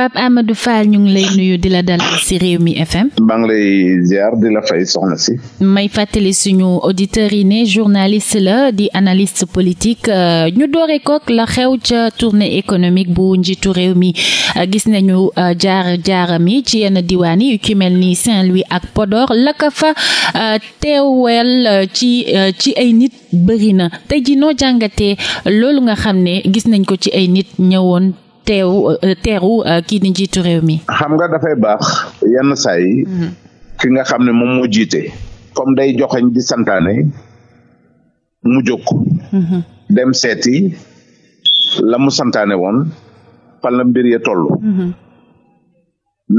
Pape Amadou Fall ñu ngi lay nuyu di la dalal ci mi FM. maa lay ziar di la fay soxna si. may fàttali suñu auditeurs yi ne journaliste la di analyste politique euh, ñu doore kook la xew ca tournée économique bu njiitu réew mi euh, gis nañu euh, jaar jaaram yi ci yenn diwaan yi yu ci mel ni Saint-Louis ak Podor la ka fa teewel ci ci ay nit bëri na te ji noo jàngatee loolu nga xam ne gis nañ ko ci ay nit ñëwoon. teewu euh, teeru euh, kii di njiitu réew mi. xam nga dafay baax yenn saa yi. Mhm. ki nga xam ne moom moo jiite. comme day joxeñ di santaane mu jóg. Mhm. dem seeti la mu santaane woon fan la mbir ya toll. Mhm.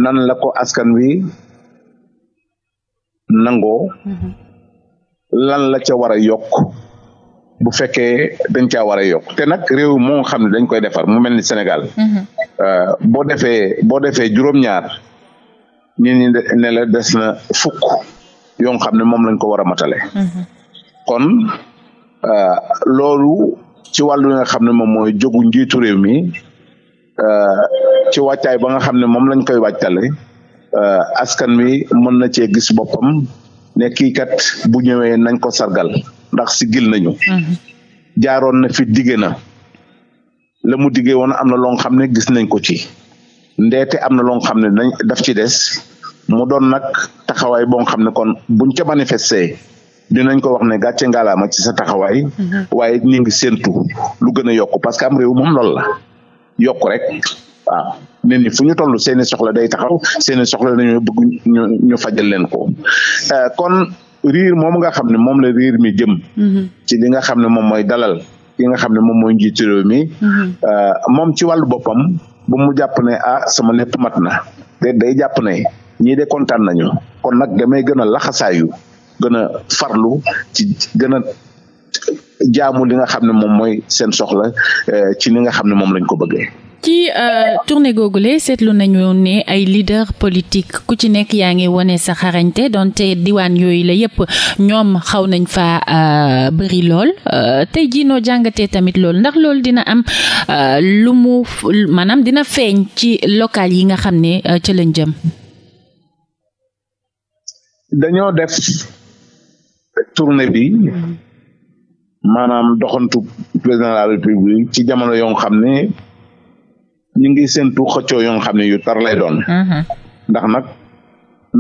nan la ko askan wi nangoo. lan la ca war a yokk. bu fekkee dañ caa war a yokk te nag réew moo xam ne dañ koy defar mu mel ni Sénégal. Mhm. Euh, boo defee boo defee juróom-ñaar ñu ne la des na fukk yoo xam ne moom lañ ko war a matale. Mhm. kon euh, loolu ci wàllu nga xam ne moom mooy jógu njiitu réew mi euh, ci wàccaay ba nga xam ne moom lañ koy wàccale askan wi mën na cee gis boppam ne kiikat kat bu ñëwee nañ ko sargal. ndax siggil nañu. Mhm. jaaroon na fi digge na la mu diggee woon am na loo xam ne gis nañ ko ci ndeete am na loo xam ne dañ daf ci des mu doon nag taxawaay boo xam ne kon buñ ca manifester dinañ ko wax ne gàcce ngalaama ci sa taxawaay. Mhm. waaye ñu ngi séentu lu gën a yokku parce que am réew moom lool la yokku rek waaw nit ñi fu ñu toll seeni soxla day taxaw seeni soxla dañoo bëgg ñu ñu fajal leen ko euh, kon. riir moom nga xam ne moom la riir mi jëm mhm. ci li nga xam ne moom mooy dalal ki nga xam ne moom mooy njiitu réew mi mhm. euh, moom ci wàllu boppam bu mu jàpp ne ah sama lépp mat na te jàpp ne ñii de nañu kon nag damay gën a laxasaayu gën a farlu ci gën a jaamu li nga xam ne moom mooy seen soxla euh, ci li nga xam ne moom lañ ko bëggee ci euh, tournée googule seetlu nañu ne ay leader politique ku ci nekk yaa ngi wone sa xarañte donte diwaan yooyu la yépp ñoom xaw nañ fa euh, bari lool euh, tey jii noo jàngatee tamit lool ndax loolu dina am lu mu maanaam dina feeñ ci local yi nga xam ne ca lañ jëm. dañoo def tournée bi maanaam doxantu président la république ci jamono yoo xam ne. ñu ngi séntu xëccoo yoo xam ne yu tar lay doon. Mm-hmm. ndax nag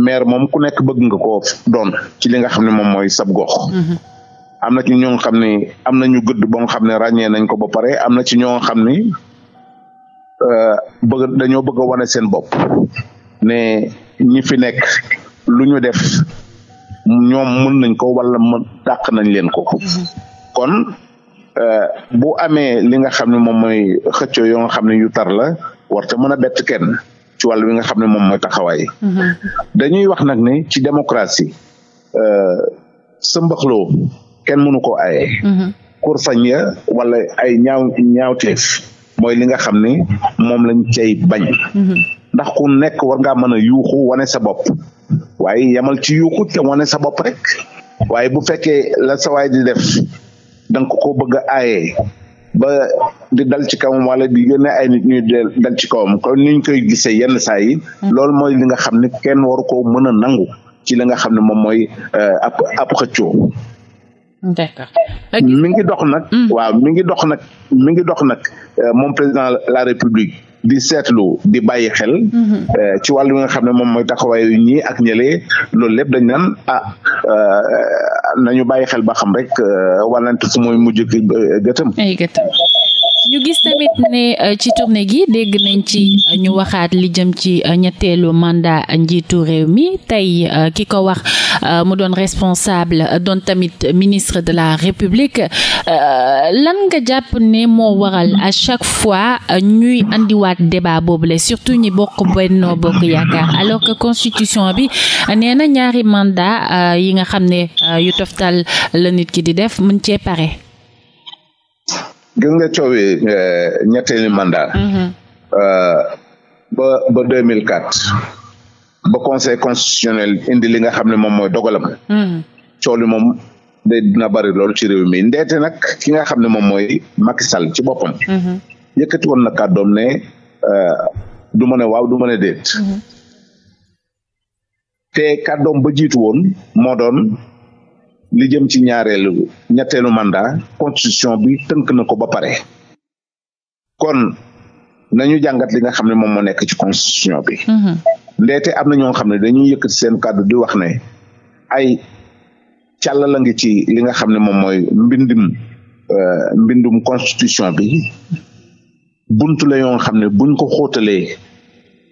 maire moom ku nekk bëgg nga ko doon ci li nga xam ne moom mooy sab gox. Mm-hmm. am na ci ñoo xam ne am na ñu gëdd boo xam ne ràññee nañ ko ba pare am na ci ñoo xam ne euh, bëgg dañoo bëgg a wane seen bopp ne ñi fi nekk lu ñu def ñoom mën nañ ko wala mën dàq nañ leen ko. Mm-hmm. kon Euh, bu ame li nga xam ne moom mooy xëccoo yoo nga xam ne yu tar la warta mën a bett kenn ci wàll wi nga xam ne moom mooy taxawaay. Mm-hmm. dañuy wax nag ne ci démocratie euh, sëmbaxloo kenn mënu ko aaye. Mm-hmm. kurfañ ya wala ay ñaaw ñaawteef mooy li nga xam ni moom lañ cay bañ. Mm-hmm. ndax ku nekk war ngaa mën a yuuxu wane sa bopp waaye yamal ci yuuxu te wane sa bopp rek waaye bu fekkee la sa waay di def da nga ko bëgg a aaye ba di dal ci kawam wala di yónnee ay nit ñuy dal ci kawam kon ni ñu koy gisee yenn saa yi. Hmm. loolu mooy li nga xam ne kenn waru ko mën a nangu ci li nga xam ne moom mooy euh, ab ab xëccoo. mi ngi dox nag. Hmm. waaw mu ngi dox nag mi ngi dox nag euh, moom président la république di seetlu di bàyyi xel. Hmm. Euh, ci wàllu nga xam ne moom mooy taxawaayu ñii ak ñële loolu lépp dañ naan ah Euh, nañu bàyyi xel ba xam rek euh, wàllante fu muy mujj euh, gëtëm. ñu gis tamit ne euh, ci tournée gi dégg nañ ci euh, ñu waxaat li jëm ci euh, ñetteelu mandat njiitu réew mi tey ki ko wax mu doon responsable doon tamit ministre de la République lan nga jàpp ne moo waral a chaque fois ñuy andiwaat boobu boobule surtout ñi bokk Benno Bokk Yaakaar alors que constitution bi nee na ñaari mandat yi nga xam ne yu toftal la nit ki di def mën cee pare gis nga coowi eh, ñetteeli mandat. Mm-hmm. Euh, ba ba 2004. ba conseil constitutionnel indi li nga xam ne moom mooy dogalam. Mm-hmm. coow li moom day dina bari loolu ci réew mi ndeete nag ki nga xam ne moom mooy Macky Sall ci boppam. Mm-hmm. yëkkati woon na kàddoom ne euh, du ma ne waaw du ma ne déet. te kàddoom ba jiitu woon li jëm ci ñaareelu ñetteelu mandat constitution bi tënk na ko ba pare kon nañu jàngat li nga xam ne moom moo nekk ci constitution bi mhm. ndeete am na ñoo xam ne dañuy yëkkati seen kàddu di wax ne ay càlla la ci li nga xam ne moom mooy mbindum euh, mbindum constitution bi bunt la yoo xam ne buñ ko xóotalee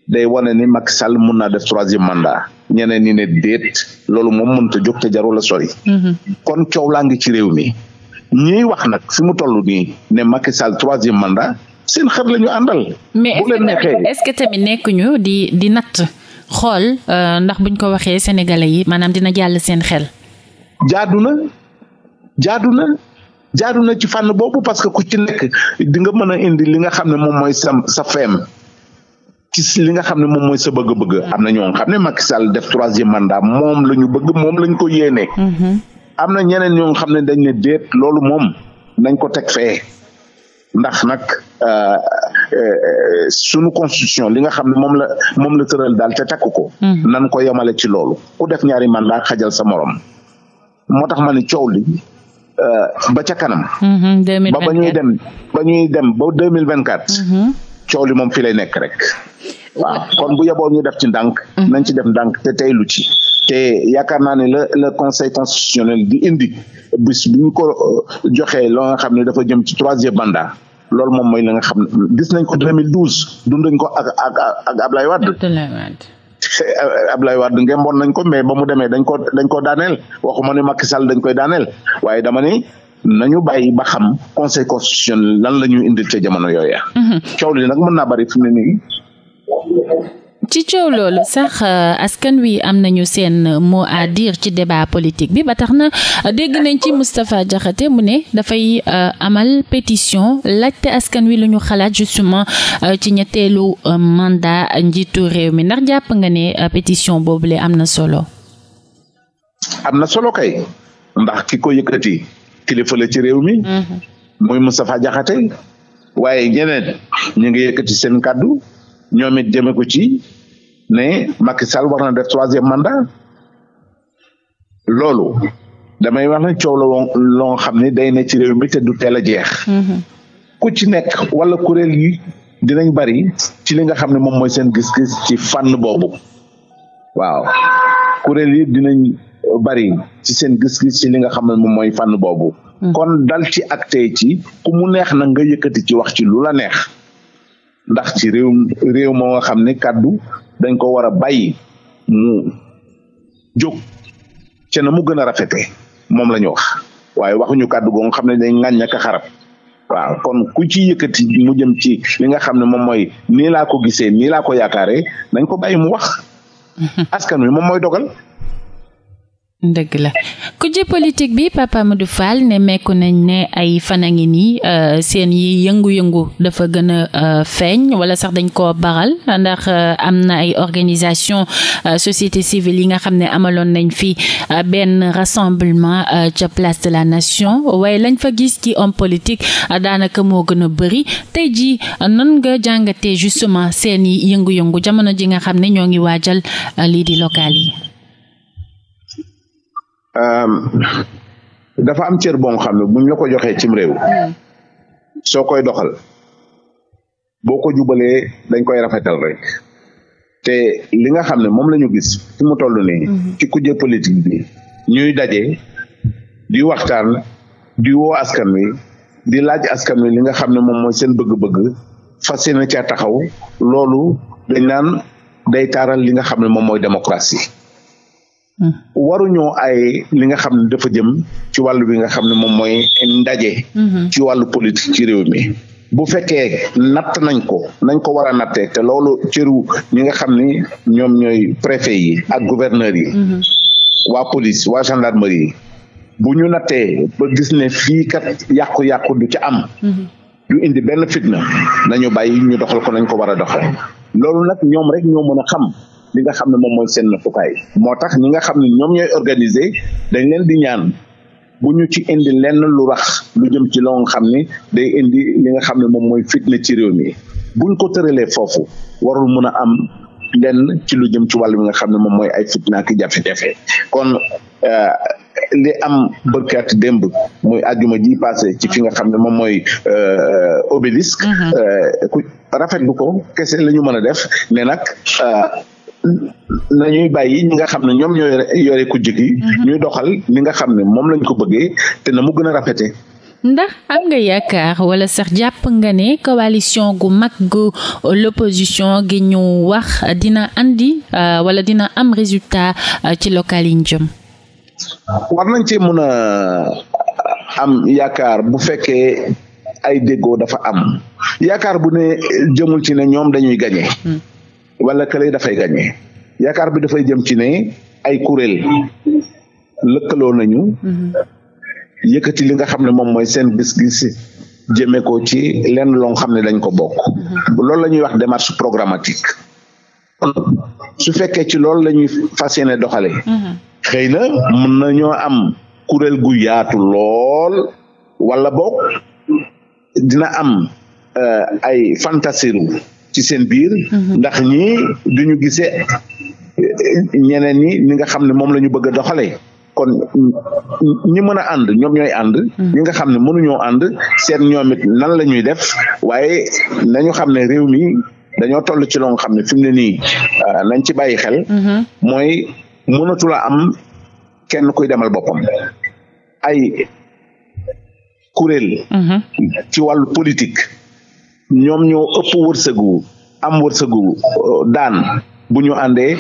day wane ni Macky Sall mun naa def troisième mandat ñeneen ñi ne déet loolu moom mënut a jóg te jarul a sori. Mhm. kon coow laa ngi ci réew mi. ñiy wax nag fi mu toll nii ne Macky Sall troisième mandat seen xel la àndal. mais est-ce que tamit nekkuñu di di natt xool euh, ndax buñ ko waxee sénégalais yi maanaam dina jàll seen xel. jaadu na jaadu na jaadu na ci fànn boobu parce que ku ci nekk di nga mën a indi li nga xam ne moom mooy sa sa feem. ci li nga xam ne moom mooy sa bëgg-bëgg am na ñoo xam ne Macky Sall def troisième mandat moom la ñu bëgg moom lañ ko yéene mm-hmm. am na ñeneen ñoo xam ne dañ ne déet loolu moom nañ ko teg fee ndax nag euh, euh, sunu constitution li nga xam ne moom la moom la tëral daal te takk ko mm-hmm. nan ko yemale ci loolu ku def ñaari mandat xajal sa morom moo tax ma ne coow li euh, ba ca kanam mm-hmm. ba ba ñuy dem ba ñuy dem ba deux mille vingt quatre coow li moom fi lay nekk rek. waaw kon bu yeboo ñu def ci ndànk. Mhm. nañ ci def ndànk te tey lu ci. te yaakaar naa ne la le conseil constitutionnel di indi bis bu ñu ko euh, joxee loo nga xam ne dafa jëm ci troisième mandat loolu moom mooy la nga xam ne gis nañ ko 2012 dund nañ ko ak ak ak Ablaye Wade. Ablaye Wade ngemboon nañ ko mais ba mu demee dañ ko dañ ko daaneel waxuma ne Macky Sall dañ koy daaneel waaye dama nañu bàyyi ba xam conseil constitutionnel lan la ñuy indi ca jamono yooya. Mhm. coow li nag mën naa bari fi ne nii. ci coow loolu sax euh, askan wi am nañu seen mot à dire ci débat politique bi ba tax na euh, dégg nañ ci Moustapha Diakhaté mu ne dafay euh, amal pétition laajte askan wi lu ñu xalaat justement ci ñetteelu mandat njiitu réew mi ndax jàpp nga ne pétition boobule am na solo. am na solo kay ndax ki ko yëkkati. kilifa la ci réew mi. Mm-hmm. muy Moustapha Diakhaté waaye ñeneen ñu ngi ci seen kàddu ñoom it jëme ko ci ne Macky Sall war def troisième mandat loolu damay wax ne coow la loo xam ne day ne ci réew mi te du teel a jeex. Mm-hmm. ku ci nekk wala kuréel yi dinañ bari ci li xam ne moom mooy seen gis-gis ci fànn boobu waaw kuréel yi dinañ. bari ci seen gis-gis ci li nga xam ne moom mooy fànn boobu. Mm. kon dal ci ak tey ci ku mu neex na nga yëkkati ci wax ci lu la neex ndax ci réew réew moo nga xam ne kàddu dañ ko war a bàyyi mu jóg ca na mu gën a rafetee moom la wax waaye waxuñu kàddu goo nga xam ne day ŋàññ ak xarab. waaw kon ku ci yëkkati mu jëm ci li nga xam ne moom mooy nii laa ko gisee nii laa ko yaakaaree nañ ko bàyyi mu wax. Mm-hmm. askan wi moom mooy dogal. dëgg la kujje politique bi Papa Amadou Fall ne mekku nañ ne ay fanangi nii uh, seen yi yëngu-yëngu dafa gën a uh, feeñ wala sax dañ koo baral ndax uh, am na ay organisation euh, société civile yi nga xam ne amaloon nañ fi euh, benn rassemblement euh, ca place de la nation waaye lañ fa gis ci homme politique daanaka moo gën a bëri tey ji nan nga jàngatee justement seen yi yëngu-yëngu jamono ji nga xam ne ñoo ngi waajal lii di local yi dafa am cër boo xam ne buñ la ko joxee cim réew hmm. soo koy doxal boo ko jubalee dañ koy rafetal rek te li nga xam ne moom la ñu gis fi mu toll nii hmm. ci kujje politique bi ñuy daje di waxtaan di woo askan wi di laaj askan wi li nga xam ne moom mooy seen bëgg-bëgg fas yéene taxaw loolu dañ naan day taaral li nga xam ne moom mooy démocratie Mm-hmm. waruñoo ay li nga xam ne dafa jëm ci wàllu bi nga xam ne moom mooy ndaje. Mm-hmm. ci wàllu politique ci réew mi. bu fekkee natt nañ ko nañ ko war a nattee te loolu cëru ñi nga xam ni ñoom ñooy préfet yi ak gouverneur yi. Mm-hmm. waa police waa gendarmerie yi. bu ñu nattee ba gis ne fii kat yàqu-yàqu du ci am. du indi benn fitna nañu bàyyi ñu doxal ko nañ ko war a doxal. loolu nag ñoom rek ñoo mën a xam. li nga xam ne moom mooy seen natukaay moo tax ñi nga xam ne ñoom ñooy organiser dañ leen di ñaan bu ñu ci indi lenn lu rax lu jëm ci loo xam ni day indi li nga xam ne moom mooy fitna ci réew mi buñ ko tëralee foofu warul mun a am lenn ci lu jëm ci wàll bi nga xam ne moom mooy ay fitna ki jafe kon euh, li am bërkaat démb muy àjjuma ji passé ci fi nga xam ne moom mooy euh, obélisque mm-hmm. euh, ku rafetlu ko kese lañu ñu mën a def ne nag na ñuy bàyyi ñi nga xam ne ñoom ñoo yore ku jigi mhm. ñuy doxal li nga xam ne moom lañ ko bëggee te na mu gën a rafete ndax am nga yaakaar wala sax jàpp nga ne coalition gu mag gu l'opposition gi ñu wax dina andi euh, wala dina am résultat euh, ci local yi ñu jëm war nañ ci mun a am yaakaar bu fekkee ay déggoo dafa am yaakaar bu ne jëmul ci ne ñoom dañuy gañe wala kële dafay gagné yaakaar bi dafay jëm ci ne ay kuréel lëkkaloo nañu. yëkkati li nga xam ne moom mooy seen bis gis jëmee ko ci lenn loo xam ne dañ ko bokk. loolu la ñuy wax démarche programmatique. su fekkee ci loolu la ñuy fas yéene doxalee. xëy na mën nañoo am kuréel gu yaatu lool wala bokk dina am euh, ay fantasiru ci seen biir. Mhm. ndax ñii duñu gisee ñeneen ñi nga xam ne moom lañu ñu bëgg a doxalee. kon ñi mën a ànd ñoom ñooy ànd mhm. ñi nga xam ne mënuñoo ànd seen ñoomit nan la ñuy def waaye nañu xam ne réew mi dañoo toll ci long xam ne fi ne nii euh, nañ ci bàyyi xel mhm. mooy mënatula am kenn kuy demal boppam ay kuréel ci wàllu politique ñoom ñoo ëpp wërsëgu am wërsëgu euh, daan bu ñu àndee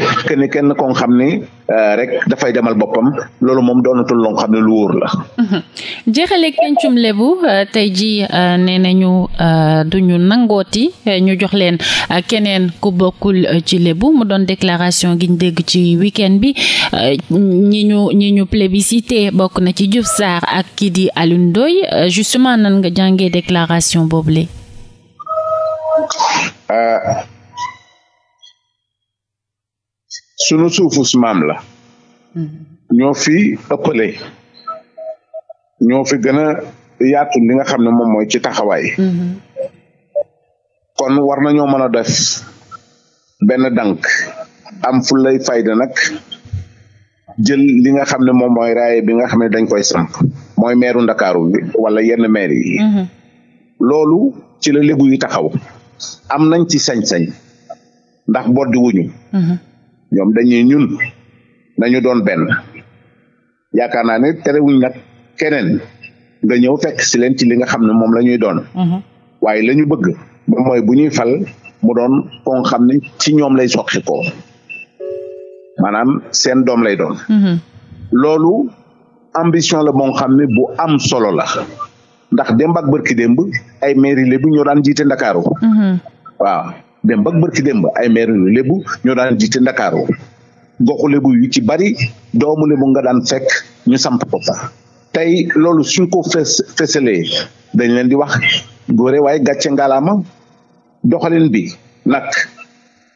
kenn ko xam ni euh, rek dafay demal boppam loolu moom doonatul loo xam ne lu wóor la. Mhm. jeexaleeg pencum lebu euh, tey jii nee nañu du ñu nangooti ñu jox leen keneen ku bokkul ci lebu mu doon déclaration gi ñu dégg ci week bi ñi ñu ñi ñu plébiscité bokk na ci Diouf Sarr ak kii di Alioune Ndoye justement nan nga jàngee déclaration boobu boobule. Euh, sunu suufu maam la mm-hmm. ñoo fi ëppale ñoo fi gën a yaatu li nga xam ne moom mooy ci taxawaay mm-hmm. kon war nañoo mën a def benn dank am fu lay fayda nag jël li nga xam ne moom mooy raaye bi nga xam ne dañ koy samp mooy meeru ndakaaru bi wala yenn maire yi mm-hmm. loolu ci la lébu yi taxaw am nañ ci sañ-sañ ndax boddi mm-hmm. ñoom dañuy ñun nañu doon benn yaakaar naa ne terewuñ nag keneen nga ñëw fekk si leen ci li nga xam ne moom lañuy ñuy doon mm-hmm. waaye la bëgg moom mooy bu ñuy fal mu doon ko nga xam ne ci ñoom lay soqi ko maanaam seen doom lay doon mm-hmm. loolu ambition la moo xam ne bu am solo la ndax démb ak bërki démb ay mairie la bu ñu daan jiite Ndakaaru waaw dem ba bërki dem ba ay maire yu lébu ñoo daan jiite ndakaaru goxu lébu yu ci bari doomu lébu nga daan fekk ñu samp ko fa tey loolu suñ ko fes fesalee dañ leen di wax góore waaye gàcce ngalaama doxalin bi nag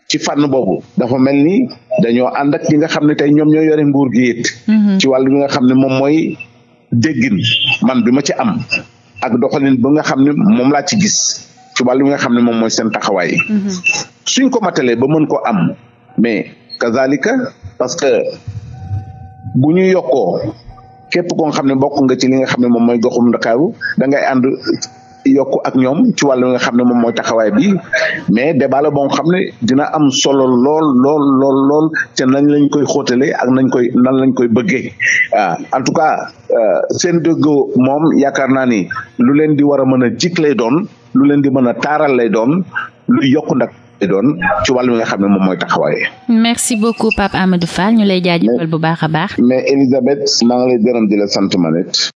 ci fànn boobu dafa mel ni dañoo ànd ak nga xam ne tey ñoom ñoo yore nguur gi it mm-hmm. ci wàllu bi nga xam ne moom mooy déggin man bi ma ci am ak doxalin bi nga xam ne moom laa ci gis ci wàllu nga xam ne moom mooy seen taxawaay. Mm-hmm. suñ ko matalee ba mën ko am mais kazalika parce que bu ñu yokkoo képp ko nga xam ne bokk nga ci li nga xam ne moom mooy goxum Ndakaaru da ngay yokk ak ñoom ci wàllu nga xam ne moom mooy taxawaay bi mais débat la boo xam ne dina am solo lool lool lool lool te nañ lañ koy xóotalee ak nañ koy nan lañ koy bëggee ah en tout cas euh, seen dëggoo moom yaakaar naa ni lu leen di war a mën a jik lay doon. lu leen di mën a taaral lay doon luy yokk nag lay doon ci wàll mi nga xam ne moom mooy taxawaay. merci beaucoup Pape Amadou Fall ñu lay jaajëfal bu baax a baax. mais Elisabeth maa ngi lay gërëm di la sant ma